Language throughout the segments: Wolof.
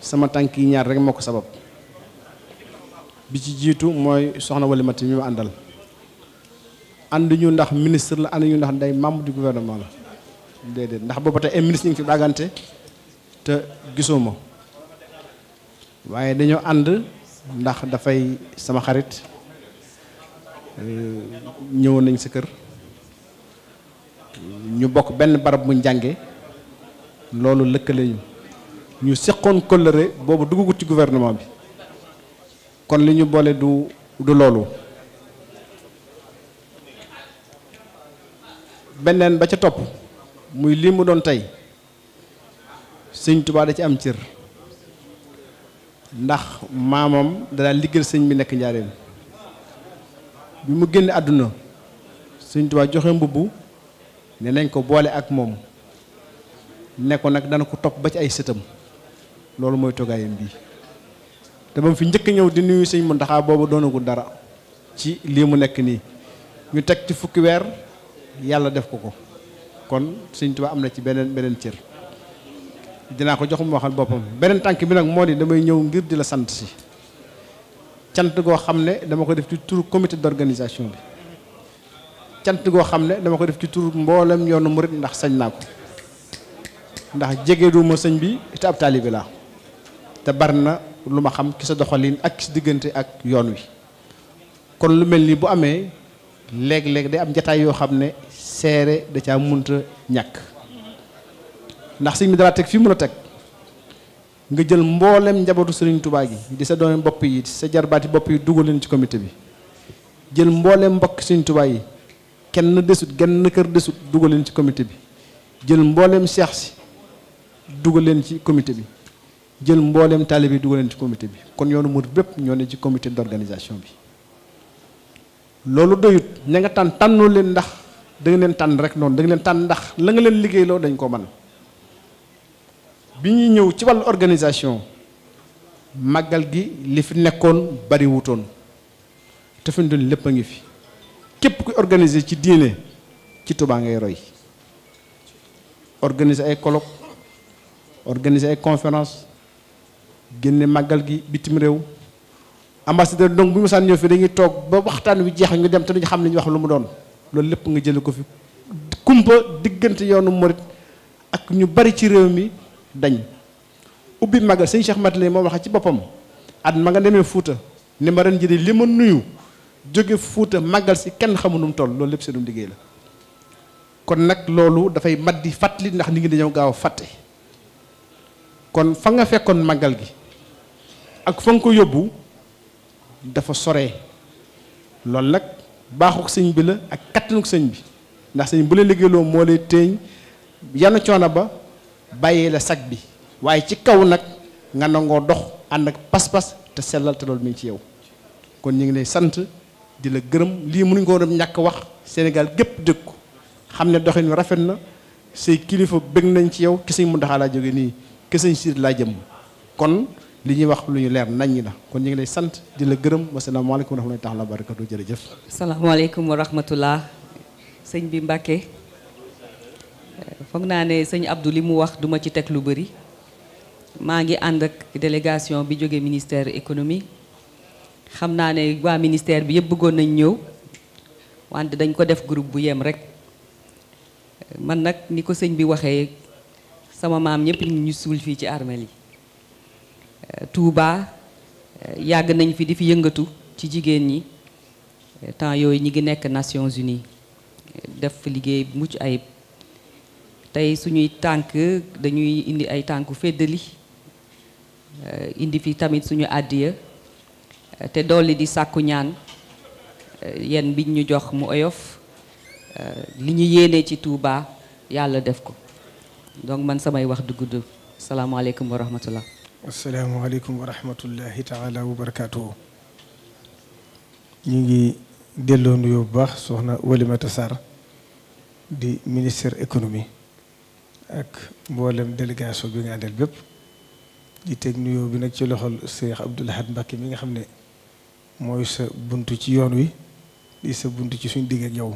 sama tànk yi ñaar rek moo ko sabab bi ci jiitu mooy soxna Walimata mi ma àndal ànd ñu ndax ministre la ànd ñu ndax day membre du gouvernement la déedéet ndax booba te ay ministre ñu ngi fi dàggante te gisoo ma waaye dañoo ànd ndax dafay sama xarit euh, ñëwoon nañ sa kër ñu bokk benn barab mu njànge loolu lëkkale ñu ñu seqoon kóllëre boobu duggagut ci gouvernement bi kon li ñu boole du du loolu beneen ba ca topp muy lii mu doon tey sëñ Tuubaa da ci am cër ndax maamam danaa liggéeyal sëñ bi nekk njaareem bi mu génn àdduna sëñ Tuubaa joxe mbubb ne nañ ko boole ak moom ne ko nag dana ko topp ba ci ay sëtam loolu mooy togaayam bii te ba fi njëkk ñëw di nuyu sëñ Muntaxa boobu doonagul dara ci lii mu nekk nii ñu teg ci fukki weer yàlla def ko ko kon sëñ Tuubaa am na ci beneen beneen cër dinaa ko jox mu waxal boppam beneen tànk bi nag moo di damay ñëw ngir di la sant si cant goo xam ne dama ko def ci turu comité d'organisation bi cant goo xam ne dama ko def ci turu mboolem yoonu murit ndax sañ naa ko ndax jege du ma bi te ab taalibe laa te bari na lu ma xam ki sa doxalin ak ki diggante ak yoon wi kon lu mel ni bu amee léeg-léeg day am jataay yoo xam ne seere da caa munta ñàkk ndax sëñ bi dara teg fii mun a teg nga jël mboolem njabootu sëriñ tubaay gi di sa doon bopp yi sa jarbaati bopp yi dugal leen ci comité bi jël mboolem mbokk sëriñ Tuubaa yi kenn desut genn kër desut dugal leen ci comité bi jël mbooleem seex si dugal leen ci comité bi jël mbooleem taalibe bi leen ci comité bi kon yoonu murit bépp ñoo ne ci comité d'organisation bi loolu doyut ña nga tànn tànnoo leen ndax da leen tànn rek noonu da leen tànn ndax la nga leen liggéey loo dañ ko man bi ñuy ñëw ci wàllu organisation màggal gi li fi nekkoon bariwutoon te fi doon lépp a ngi fi képp ku organiser ci diine ci Tuubaa ngay roy organiser ay colloque organiser ay conférence génne màggal gi bitim réew ambassadeur donc bu mosaan ñëw fi dañuy toog ba waxtaan wi jeex ñu dem te duñu xam li ñu wax lu mu doon loolu lépp nga jële ko fi kumpa diggante yoonu murit ak ñu bari ci réew mi dañ ubbi màggal sëñ Cheikh Matalé moo waxee ci boppam at ma nga demee Fuuta ne ma ren jëlee li ma nuyu jóge Fuuta màggal si kenn xamu mu toll loolu lépp seenum liggéey la kon nag loolu dafay mat di fàttali ndax nit ñi dañoo gaaw a fàtte kon fa nga fekkoon màggal gi ak fa nga ko yóbbu dafa sore loolu nag baaxuk sëñ bi la ak kattanuk sëñ bi ndax sëñ bu la liggéeyloo moo lay téeñ yanu coono ba bàyyee la sag bi waaye ci kaw nag nga nangoo dox ànd ak pas-pas te sellal te loolu mi ci yow kon ñu ngi lay sant di la gërëm lii mënuñ ko doon ñàkk wax Sénégal gépp dëkk ko xam ne doxin wi rafet na say kilifa bëgg nañ ci yow ki sëñ mu ndaxaa laa jóge nii ki sëñ siit laa jëmm kon li ñuy wax lu ñu leer nañ ñi la kon ñu ngi lay sant di la gërëm wasalaamaaleykum wa rahmatulah taala barakatu jërëjëf. salaamaaleykum wa rahmatulah sëñ bi Mbacke foog naa ne sëñ Abdou li mu wax duma ci teg lu bari maa ngi ànd ak délégation bi jóge ministère économie xam naa ne waa ministère bi yëpp bëggoon nañ ñëw wante dañ ko def group bu yem rek man nag ni ko sëñ bi waxee sama maam ñëpp ñu suul fii ci armel yi. Eh, Touba eh, yàgg nañ fi di fi yëngatu ci jigéen ñi eh, temps yooyu ñi ngi nekk Nations Unies def fi liggéey mucc ayib tey suñuy tànk dañuy indi ay tànku féddali indi fi tamit suñu àddiya te dolli di sàkku ñaan yenn biñ ñu jox mu oyof li ñu yéene ci Touba yàlla def ko donc man samay wax du gudd salaamaaleykum wa rahmatullah asalaamaaleykum wa rahmatullahi taala wa barakaatu. ñu ngi delloo nuyoo bu baax soxna Walimata Sarr di ministère économie ak mboolem délégation bi nga àndal bépp di teg nuyoo bi nag ci loxol Cheikh Abdoul Ahad Mbacké mi nga xam ne mooy sa bunt ci yoon wi di sa buntu ci suñ digg ak yow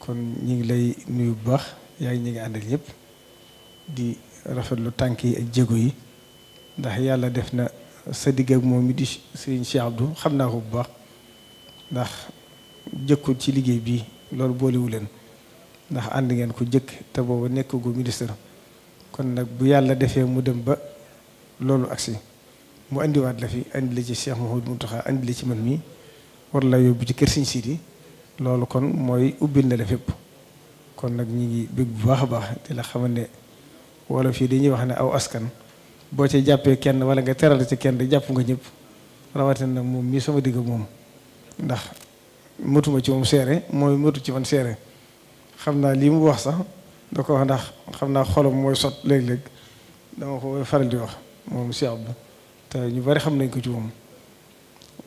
kon ñu ngi lay nuyu bu baax yaa ngi ñu àndal ñëpp di rafetlu tànk yi ak jéego yi. ndax yàlla def na sa digg ak moom mi di sëriñ Cheikh Abdou xam naa ko bu baax ndax jëkkul ci liggéey bi loolu boolewu leen ndax ànd ngeen ko jëkk te booba nekkagu ministre kon nag bu yàlla defee mu dem ba loolu agsi mu indiwaat la fi andi la ci Cheikh Mouhamadou Mountakha andi la la yóbbu ci kër Sëriñ Sidi loolu kon mooy ubbil na la fépp kon nag ñi ngi bég bu baax a baax te la xamal ne wala fii dañuy wax ne aw askan boo ci jàppee kenn wala nga teral ci kenn jàpp nga ñëpp rawatina nag moom mii sama digg moom ndax matuma ci moom seere mooy matu ci man seere xam naa lii mu wax sax da ko ndax xam naa xolam mooy sot léeg-léeg dama ko faral di wax moom si te ñu bari xam nañ ko ci moom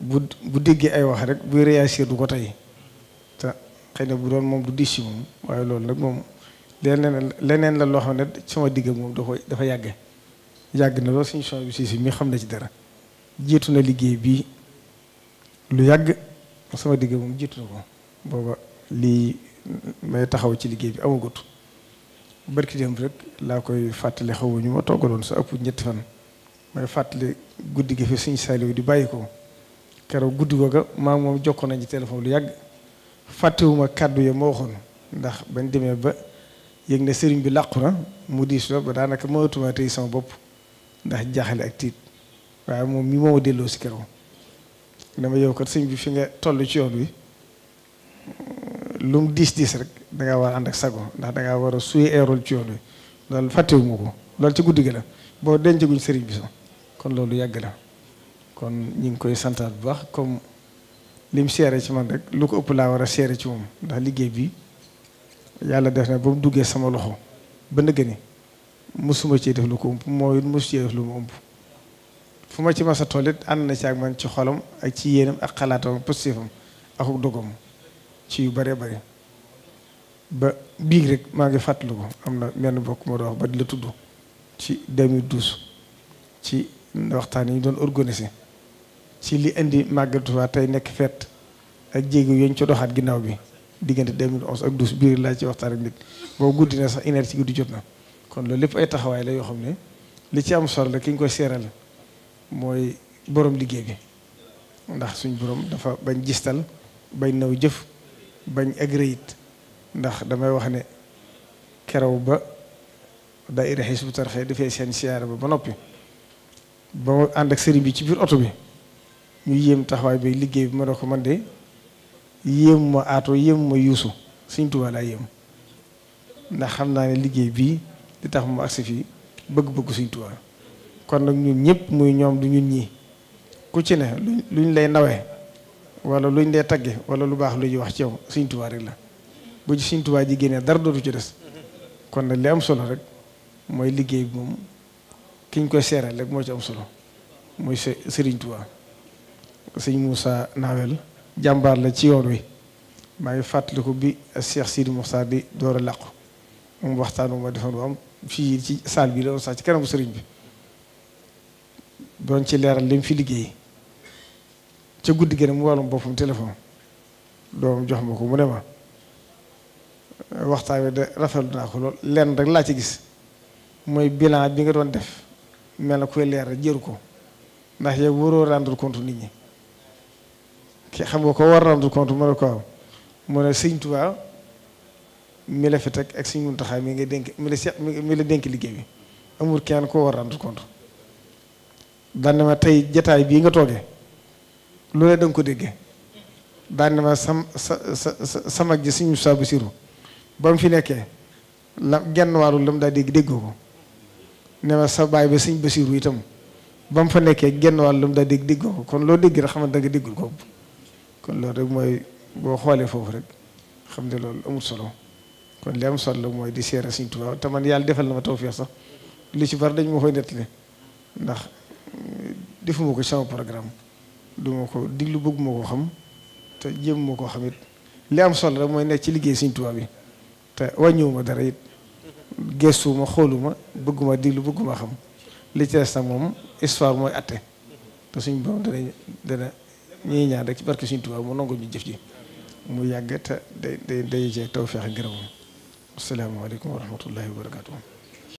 bu déggee ay wax rek buy réagir ko tey te xëy na bu doon moom du diis waaye loolu nag moom leneen leneen la loo xam ne sama digg moom da ko dafa yàgge yàgg na lool suñu son bi si si mi xam na ci dara jiitu na liggéey bi lu yàgg sama digg moom jiitu na ko booba lii may taxaw ci liggéey bi amagut barki démb rek laa koy fàttali xaw ñu ma toggaloon sa ëpp ñetti fan may fàttali guddi gi fi suñu saaliw di bàyyi ko keroog guddi googa maa moom jokkoon nañ ci téléphone lu yàgg fàttewuma kàddu ya ma waxoon ndax bañ demee ba yëg ne sëriñ bi làqu na mu diis la ba daanaka mënatuma tey sama bopp ndax jaaxale ak tiit waaye moom mi moo delloo si keroog dama yow kat sëñ bi fi nga toll ci yoon wi lu mu diis diis rek dangaa war a ànd ak sago ndax dangaa war a suy eerul ci yoon wi loolu fàttewuma ko loolu ci guddi gi la boo dencaguñ sëriñ bi so kon loolu yàgg la kon ñu ngi koy santaat bu baax comme lim seere ci man rek lu ko ëpp laa war a seere ci moom ndax liggéey bi yàlla def na ba mu duggee sama loxo ba nëgëni mosuma cee def lu ko ëmb mooy mosu cee def lu mu ëmb fu ma ci masa tool it ànd na ci ak man ci xolam ak ci yéenam ak xalaatam positifam ak dogam ci yu bare bëri ba biig rek maa ngi fàttali ko am na menn bokk ma doon wax ba di la tudd ci 2012 ci waxtaan yi ñu doon organisé ci li indi màggal Tuubaa tey nekk fête ak jéego yooyu ñu ci doxaat ginnaaw bi diggante 2011 ak 12 biir laa ci waxtaan ak nit boo guddi na sax une heure ci guddi jot na. kon loolu lépp ay taxawaay la yoo xam ne li ci am solo la ki ñu koy seeral mooy boroom liggéey bi ndax suñ boroom dafa bañ gistal bañ naw jëf bañ agréyit ndax damay wax ne kerew ba daayira Hizbut Tarqiyyah dafay seen siyaare ba ba noppi ba mu ànd ak sëriñ bi ci biir oto bi ñu yéem taxawaay bi liggéey bi ma ne ko man de yéem ma aato yéem yuusu Sëriñ Tuubaa laa yéem ndax xam naa ne liggéey bii li tax mu agsi fii bëgg-bëgg Sëriñ Tuubaa kon nag ñun ñëpp muy ñoom du ñun ñii ku ci ne lu luñ lay nawee wala luñ lay tagge wala lu baax lu ñuy wax ci yow Sëriñ Tuubaa rek la bu ci Sëriñ Tuubaa ji génnee dara dootu ci des kon nag li am solo rek mooy liggéey bi moom ki ñu koy seeral rek moo ci am solo mooy Sëriñ Tuubaa sëñ Moussa Nawel jàmbaar la ci yoon wi maa ngi fàttaliku bi Cheikh Sidi Moussa di door a làqu moom waxtaan wu ma defoon bu am fii ci saal bi doon sax ci kanamu sëriñ bi doon ci leeral lim fi liggéey ca guddi gi mu wàllum boppam téléphone doom jox ma ko mu ne ma waxtaan wi de rafetlu naa ko lool lenn rek laa ci gis muy bilan bi nga doon def mel na koy leer rek jëru ko ndax yow waroo rendre compte nit ñi ki xam nga ko war rendre compte mu ne ko waaw mu ne sëñ Tuubaa mi la fi teg ak suñu muntaxaa mi nga dénk mi la seet mi la dénk liggéey bi amul kenn koo war rendre compte daan na ma tey jataay bii nga toogee lu ne ko déggee daan na sa sa sa mag ji suñu saabu ba mu fi nekkee la genn wàllu la mu dégg déggoo ko ne ma sa baay ba suñ basiru itam ba mu fa nekkee genn wàllu la mu daa dégg déggoo ko kon loo dégg rek xamante da déggul ko kon loolu rek mooy boo xoolee foofu rek xam ne loolu amul solo. kon li am solo mooy di seere Sëriñ Tuubaa te man yàlla defal na ma tawfeex sax lu ci bari dañu ma koy nettali ndax defuma ko sama programme duma ko diglu bëgguma ma ko xam te jéem ma ko xam it li am solo rek mooy nekk ci liggéey Sëriñ Tuubaa bi te wàññiwuma dara it gëstuwuma xooluma bëgguma diglu bëgguma xam li ci des nag moom histoire mooy atte te suñ borom dana dana ñuy ñaan rek ci barke Sëriñ Tuubaa mu nangu ñu jëf ji mu yàgg te day day day jeex tawfeex ak ngërëm asalaamaaleykum wa rahmatullahi wa barakatuh